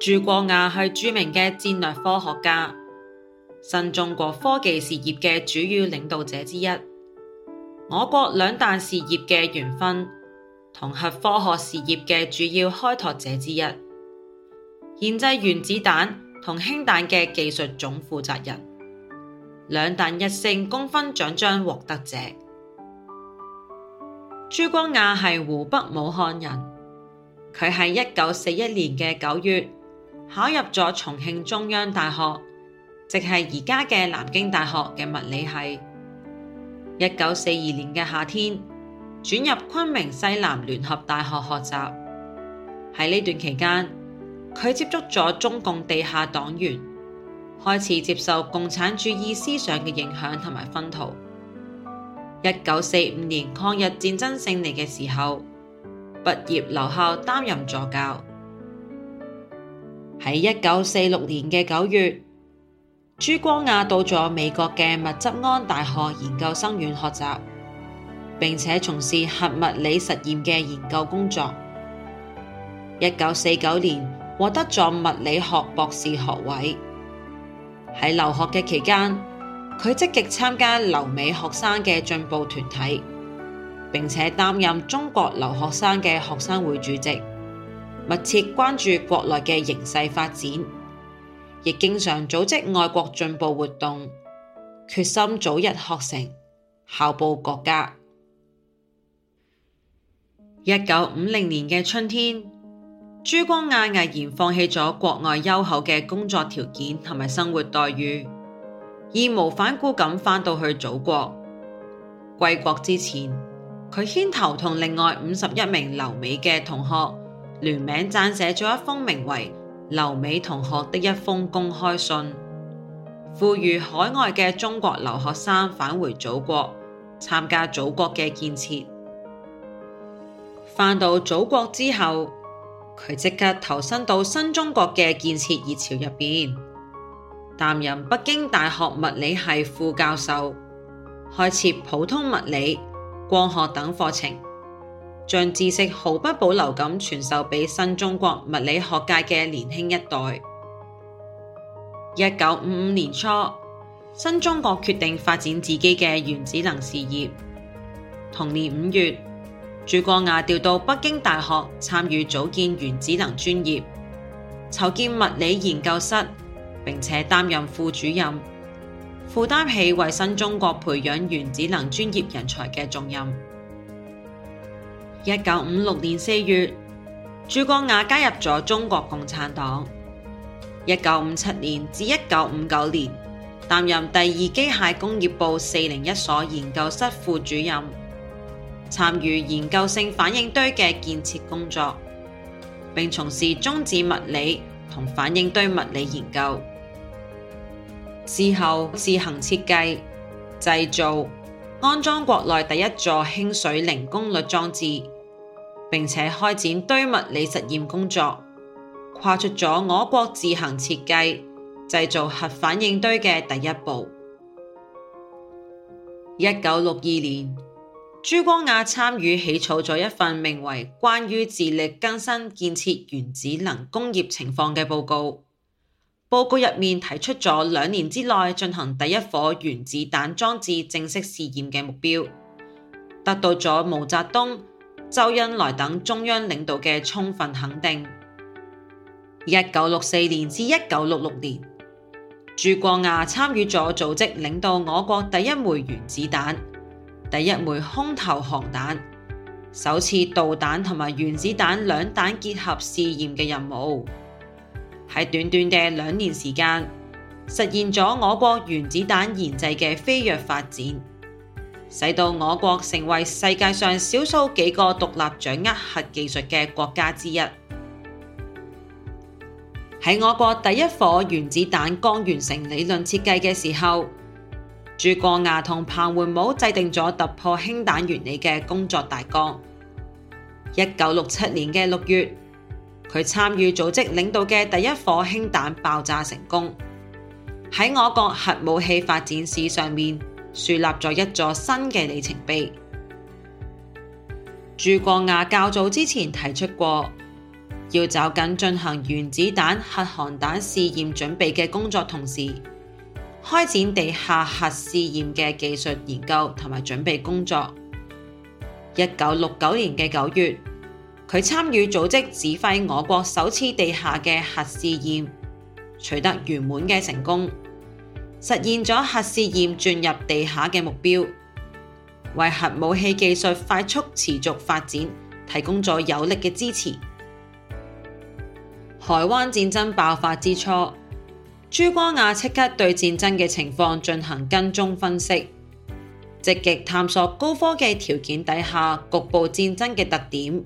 朱光亞係著名嘅戰略科學家，新中國科技事業嘅主要領導者之一，我國兩彈事業嘅元勛，同核科學事業嘅主要開拓者之一，研製原子彈同氫彈嘅技術總負責人，兩彈一星功勳獎章獲得者。朱光亞係湖北武漢人，佢喺一九四一年嘅九月，考入咗重慶中央大學，即係而家嘅南京大學嘅物理系。一九四二年嘅夏天，轉入昆明西南聯合大學學習。喺呢段期間，佢接觸咗中共地下黨員，開始接受共產主義思想嘅影響同埋熏陶。一九四五年抗日戰爭勝利嘅時候，畢業留校擔任助教。喺一九四六年嘅九月，朱光亞到咗美國嘅密執安大學研究生院學習，並且從事核物理實驗嘅研究工作。一九四九年獲得咗物理學博士學位。喺留學嘅期間，佢積極參加留美學生嘅進步團體，並且擔任中國留學生嘅學生會主席。密切關注國內嘅形勢發展，亦經常組織外國進步活動，決心早日學成，效報國家。一九五零年嘅春天，朱光亞毅然放棄咗國外優厚嘅工作條件同埋生活待遇，義無反顧咁返到去祖國。歸國之前，佢牽頭同另外五十一名留美嘅同學，聯名撰寫咗一封名為《留美同學》的一封公開信，呼籲海外嘅中國留學生返回祖國，參加祖國嘅建設。返到祖國之後，佢即刻投身到新中國嘅建設熱潮入邊，擔任北京大學物理係副教授，開設普通物理、光學等課程。將知識毫不保留咁傳授俾新中國物理學界嘅年輕一代。一九五五年初，新中國決定發展自己嘅原子能事業。同年五月，朱光亞調到北京大學參與組建原子能專業，籌建物理研究室，並且擔任副主任，負擔起為新中國培養原子能專業人才嘅重任。一九五六年四月，朱光亞加入咗中國共產黨。一九五七年至一九五九年，擔任第二機械工業部四零一所研究室副主任，參與研究性反應堆嘅建設工作，並從事中子物理同反應堆物理研究。事後自行設計、製造、安裝國內第一座輕水零功率裝置。並且開展堆物理實驗工作，跨出咗我國自行設計製造核反應堆嘅第一步。一九六二年，朱光亞參與起草咗一份名為《關於自力更生建設原子能工業情況》嘅報告。報告入面提出咗兩年之內進行第一顆原子彈裝置正式試驗嘅目標，得到咗毛澤東、周恩來等中央領導嘅充分肯定。一九六四年至一九六六年，朱光亞參與咗組織領導我國第一枚原子彈、第一枚空投航彈、首次導彈同埋原子彈兩彈結合試驗嘅任務，喺短短嘅兩年時間，實現咗我國原子彈研製嘅飛躍發展。使到我國成為世界上少數幾個獨立掌握核技術嘅國家之一。喺我國第一顆原子彈剛完成理論設計嘅時候，朱光亞同彭桓武制定咗突破氫彈原理嘅工作大綱。一九六七年嘅六月，佢參與組織領導嘅第一顆氫彈爆炸成功。喺我國核武器發展史上面，樹立咗一座新嘅里程碑。朱光亞較早之前提出過，要抓緊進行原子彈、核彈試驗準備嘅工作，同時開展地下核試驗嘅技術研究同埋準備工作。一九六九年嘅九月，佢參與組織指揮我國首次地下嘅核試驗，取得圓滿嘅成功。實現咗核試驗轉入地下嘅目標，為核武器技術快速持續發展提供咗有力嘅支持。海灣戰爭爆發之初，朱光亞即刻對戰爭嘅情況進行跟蹤分析，積極探索高科技條件底下局部戰爭嘅特點、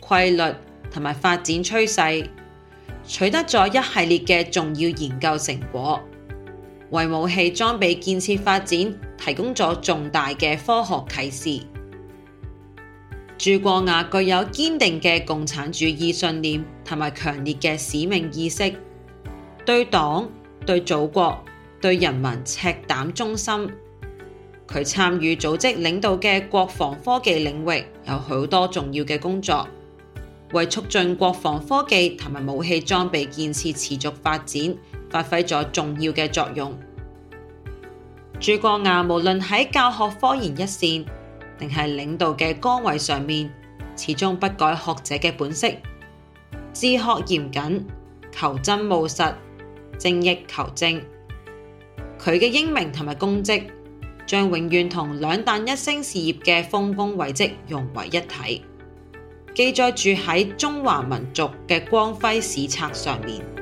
規律同埋發展趨勢，取得咗一系列嘅重要研究成果。為武器裝備建設發展提供了重大的科學啟示。朱光亞具有堅定的共產主義信念和強烈的使命意識，對黨、對祖國、對人民赤膽忠心。佢參與組織領導的國防科技領域有好多重要的工作。為促進國防科技同埋武器裝備建設持續發展，發揮咗重要嘅作用。朱光亞無論喺教學科研一線，定係領導嘅崗位上面，始終不改學者嘅本色，治學嚴謹、求真務實、精益求精。佢嘅英名同埋功績，將永遠同兩彈一星事業嘅豐功偉績融為一體。記載住喺中華民族嘅光輝史冊上面。